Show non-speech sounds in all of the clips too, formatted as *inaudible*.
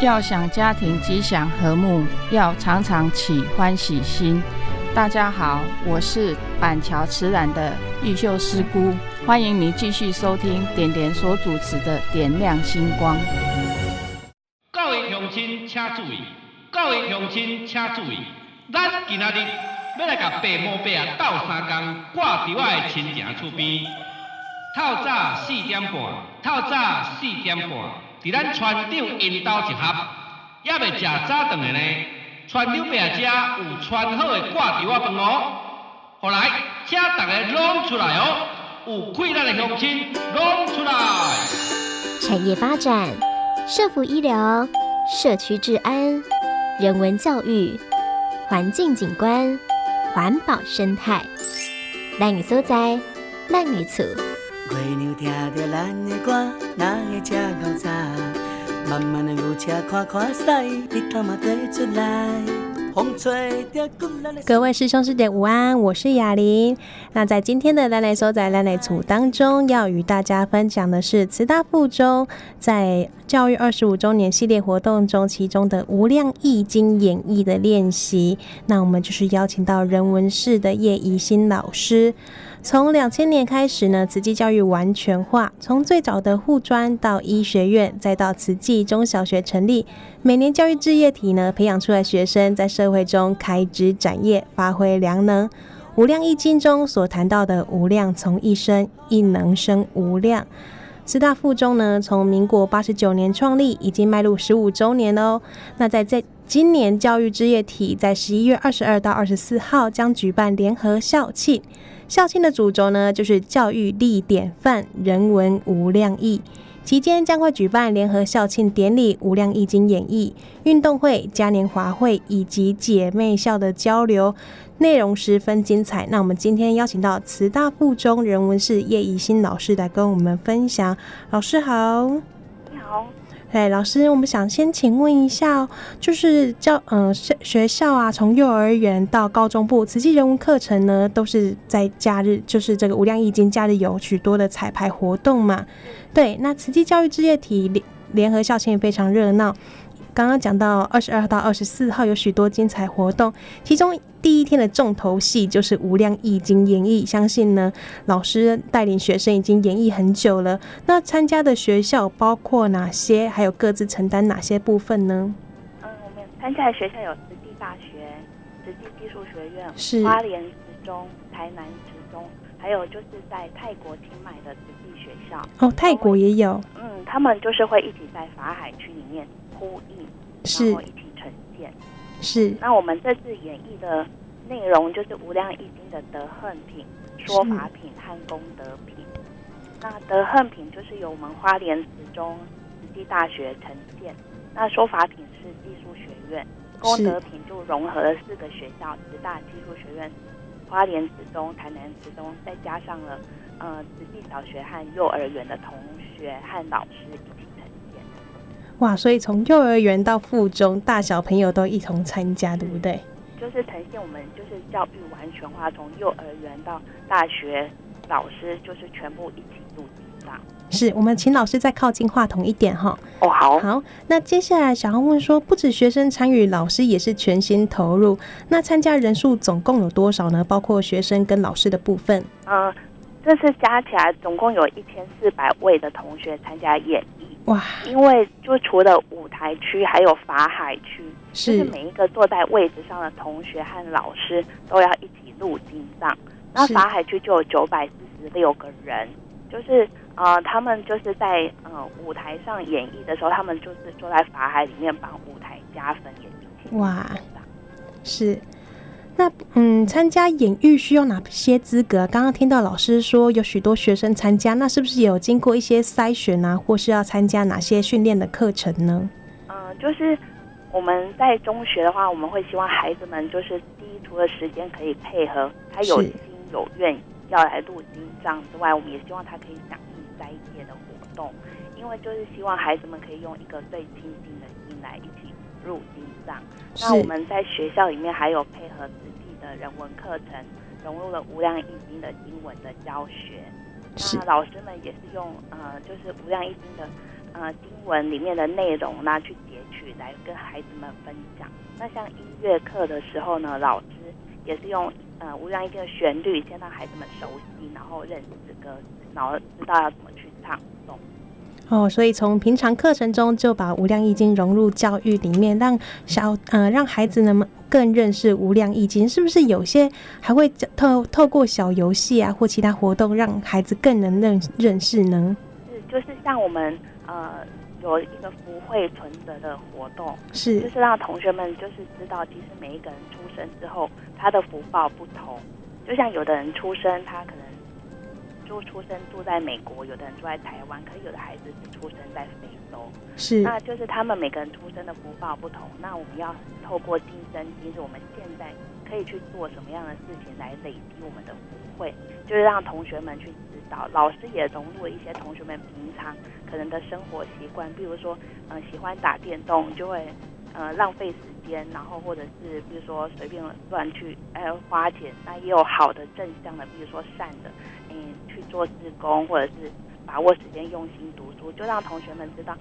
要想家庭吉祥和睦，要常常起歡喜心。大家好，我是板橋慈然的毓秀師姑，歡迎您繼續收聽點點所主持的《點亮星光》各。各位鄉親，請注意！各位鄉親，請注意！咱今仔日要來甲父母輩啊鬥三工，掛佇我的親情厝邊。透早四點半，透早四點半。佇咱船長引導集合，還袂食早餐的呢。船長伯伯家有穿好的掛條我、喔。飯盒，好來，將大家攏出來哦、喔，有氣力的用心攏出來。產業發展、社福醫療、社區治安、人文教育、環境景觀、環保生態，咱所在，咱的厝。各位師兄師姐午安，我是雅玲。那在今天的咱的所在咱的厝當中，要與大家分享的是慈大附中在教育二十五周年系列活動中，其中的《無量義經演譯》的練習。那我們就是邀請到人文室的葉宜鑫老師。從兩千年開始呢，慈濟教育完全化。從最早的護專到醫學院，再到慈濟中小學成立，每年教育事業體呢，培養出來學生在社會中開枝展葉，發揮良能。《無量義經》中所談到的無量從一生，一能生無量。慈大附中呢，從民國八十九年創立，已經邁入十五週年了哦。那在這。今年教育志業體在十一月二十二到二十四號將舉辦聯合校慶，校慶的主軸呢，就是教育立典範，人文無量義。期間將會舉辦聯合校慶典禮、無量義經演譯、運動會、嘉年華會以及姐妹校的交流，內容十分精彩。那我們今天邀請到慈大附中人文室葉宜鑫老師來跟我們分享。老師好。對，老師，我們想先請問一下，就是教嗯學，學校啊，從幼兒園到高中部，慈濟人文課程呢，都是在假日，就是這個無量義經假日有許多的彩排活動嘛。對，那慈濟教育事業體聯聯合校慶也非常熱鬧。剛剛講到二十二號到二十四號有許多精彩活動，其中第一天的重頭戲就是《無量義經》演繹。相信呢，老師帶領學生已經演繹很久了。那參加的學校包括哪些？還有各自承擔哪些部分呢？嗯，參加的學校有慈濟大學、慈濟技術學院、是花蓮慈中、台南慈中，還有就是在泰國清邁的慈濟學校。哦，泰國也有。嗯，他們就是會一起在法海區裡面。呼應，然後一起呈現。是。那我們這次演繹的內容就是《無量義經》的德行品、說法品、和功德品。那德行品就是由我們花蓮慈中、慈濟大學呈現；那說法品是技術學院，功德品就融合了四個學校：慈大、技術學院、花蓮慈中、台南慈中，再加上了呃慈濟小學和幼兒園的同學和老師一起。哇，所以從幼兒園到附中，大小朋友都一同參加，對不對？就是呈現我們就是教育完全化，從幼兒園到大學，老師就是全部一起入經藏。是，我們請老師再靠近話筒一點哈。哦，好。好，那接下來想要問說，不止學生參與，老師也是全心投入。那參加人數總共有多少呢？包括學生跟老師的部分。呃，這次加起來總共有一千四百位的同學參加演繹哇！因為就除了舞台區，還有法海區，就是每一個坐在位置上的同學和老師都要一起入經藏。那法海區就有九百四十六個人，就是呃，他們就是在呃舞台上演繹的時候，他們就是坐在法海裡面幫舞台加分演出。哇！是。那嗯，參加演譯需要哪些資格？剛剛聽到老師說有許多學生參加，那是不是也有經過一些篩選呢、啊？或是要參加哪些訓練的課程呢？嗯，就是我們在中學的話，我們會希望孩子們就是第一，除了時間可以配合，他有心有願意要來入經藏這樣之外，我們也希望他可以響應齋戒的活動，因為就是希望孩子們可以用一個最親近的心來一起。入地藏，那我們在學校裡面還有配合本地的人文課程，融入了《無量義經》的經文的教學。是。那老師們也是用呃，就是《無量義經、呃、經》的呃經文裡面的內容呢，去截取來跟孩子們分享。那像音樂課的時候呢，老師也是用呃《無量義經》的旋律，先讓孩子們熟悉，然後認識歌，然後知道要怎麼去唱誦。哦，所以從平常課程中就把《無量義經》融入教育裡面，讓小呃讓孩子能更認識《無量義經》，是不是有些還會透透過小遊戲啊或其他活動，讓孩子更能認認識呢？是，就是像我們呃有一個福慧存折的活動，是就是讓同學們就是知道，其實每一個人出生之後他的福報不同，就像有的人出生他可能。住出生住在美國，有的人住在台灣，可有的孩子是出生在非洲，是，那就是他們每個人出生的福報不同。那我們要透過今生，其實我們現在可以去做什麼樣的事情來累積我們的福慧，就是讓同學們去指導。老師也融入了一些同學們平常可能的生活習慣，比如說，嗯，喜歡打電動就會。呃、嗯，浪費時間，然後或者是比如說隨便亂去哎花錢，那也有好的正向的，比如說善的，嗯，去做志工，或者是把握時間用心讀書，就讓同學們知道。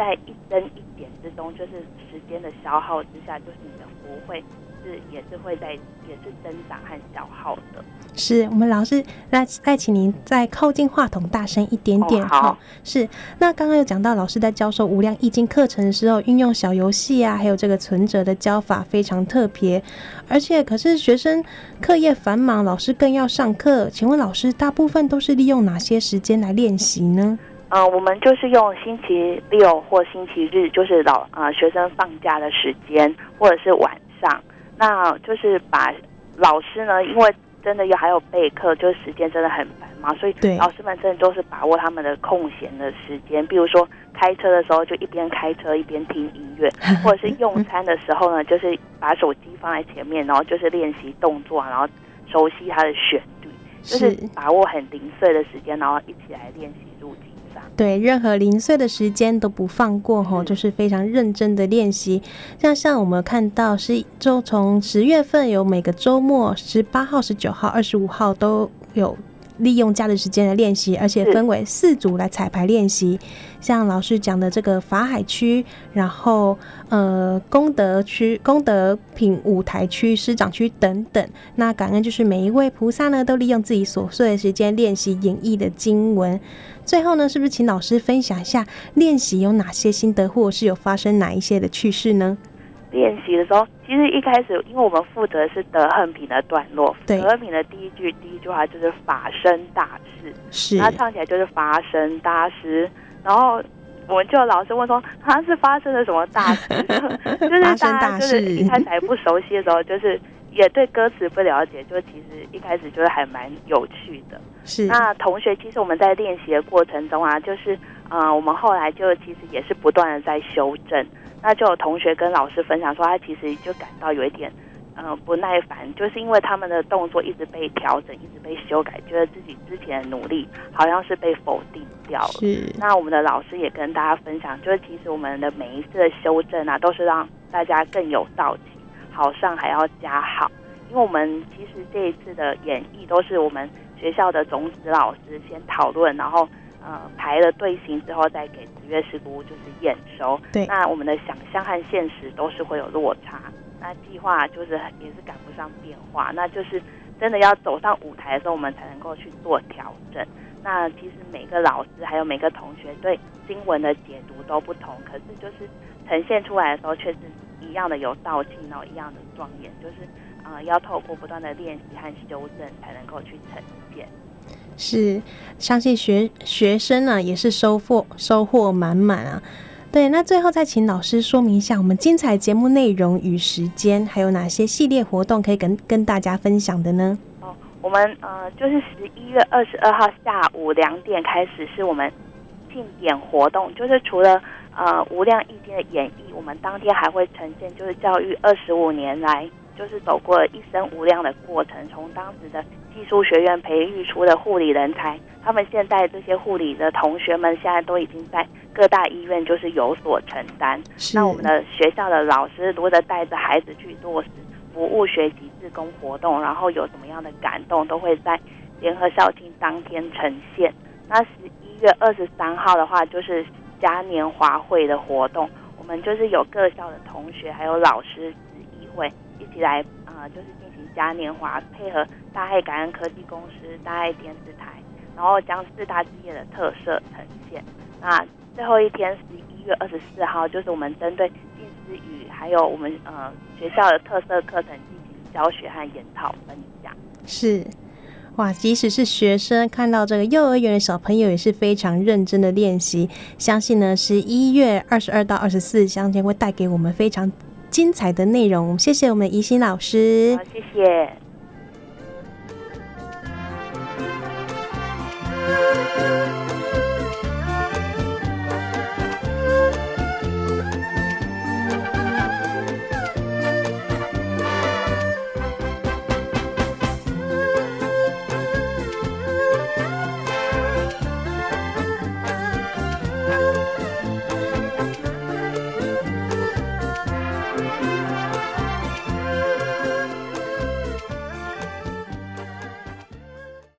在一針一點之中，就是時間的消耗之下，就是你的福慧是也是會在也是增長和消耗的。是，我們老師，那再請您再靠近話筒大聲一點點好，哦哦。是，那剛剛有講到老師在教授《無量義經》課程的時候，運用小遊戲啊，還有這個存摺的教法非常特別。而且，可是學生課業繁忙，老師更要上課。請問老師，大部分都是利用哪些時間來練習呢？嗯、呃，我們就是用星期六或星期日，就是老啊、呃、學生放假的時間，或者是晚上，那就是把老師呢，因為真的有，還有備課，就是時間真的很忙嘛，所以老師們真的都是把握他們的空閒的時間，比如說開車的時候就一邊開車一邊聽音樂，或者是用餐的時候呢，就是把手機放在前面，然後就是練習動作，然後熟悉它的旋律，就是把握很零碎的時間，然後一起來練習。對，任何零碎的時間都不放過吼，就是非常認真的練習。像像我們看到是，就從十月份有每個周末，十八號、十九號、二十五號都有。利用假日時間來練習，而且分為四組來彩排練習。像老師講的這個法海區，然後呃功德區、功德品舞台區、師長區等等。那感恩就是每一位菩薩呢，都利用自己瑣碎的時間練習演繹的經文。最後呢，是不是請老師分享一下練習有哪些心得，或是有發生哪一些的趣事呢？練習的時候，其實一開始，因為我們負責的是德行品的段落，德行品的第一句第一句話就是“法身大士”，是，他唱起來就是“法身大士”，然後我們就老是問說：“他是發生了什麼大事？” *laughs* 就是大家就是一開始還不熟悉的時候，就是也對歌詞不了解， *laughs* 就其實一開始就是還蠻有趣的。是，那同學其實我們在練習的過程中啊，就是啊、呃，我們後來就其實也是不斷的在修正。那就有同學跟老師分享說，他其實就感到有一點，嗯、呃，不耐煩，就是因為他們的動作一直被調整，一直被修改，覺得自己之前的努力好像是被否定掉了。是。那我們的老師也跟大家分享，就是其實我們的每一次的修正啊，都是讓大家更有動力，好上還要加好。因為我們其實這一次的演繹都是我們學校的種子老師先討論，然後。呃，排了隊形之後，再給紫月師姑就是驗收。對，那我們的想象和現實都是會有落差。那計劃就是也是趕不上變化，那就是真的要走上舞台的時候，我們才能夠去做調整。那其實每個老師還有每個同學對經文的解讀都不同，可是就是呈現出來的時候，卻是一樣的有道氣，然後一樣的莊嚴。就是啊、呃，要透過不斷的練習和修正，才能夠去呈現。是，相信學學生呢、啊、也是收穫收穫滿滿啊。對，那最後再請老師說明一下我們精彩節目內容與時間，還有哪些系列活動可以跟跟大家分享的呢？哦，我們呃就是十一月二十二號下午兩點開始是我們慶典活動，就是除了呃無量義經的演繹，我們當天還會呈現就是教育二十五年來就是走過了一生無量的過程，從當時的。技術學院培育出的護理人才，他們現在這些護理的同學們，現在都已經在各大醫院就是有所承擔，是。那我們的學校的老師，如果帶着孩子去落實服務學習，志工活動，然後有什麼樣的感動，都會在聯合校慶當天呈現。那十一月二十三號的話，就是嘉年華會的活動，我們就是有各校的同學還有老師，一會一起來。啊，就是進行嘉年華，配合大愛感恩科技公司、大愛電視台，然後將四大志業的特色呈現。那最後一天十一月二十四號，就是我們針對靜思語還有我們呃學校的特色課程進行教學和研討分享。是，哇，即使是學生看到這個幼兒園的小朋友也是非常認真的練習。相信呢，十一月二十二到二十四期間會帶給我們非常。精彩的內容，謝謝我們宜鑫老師。好，謝謝。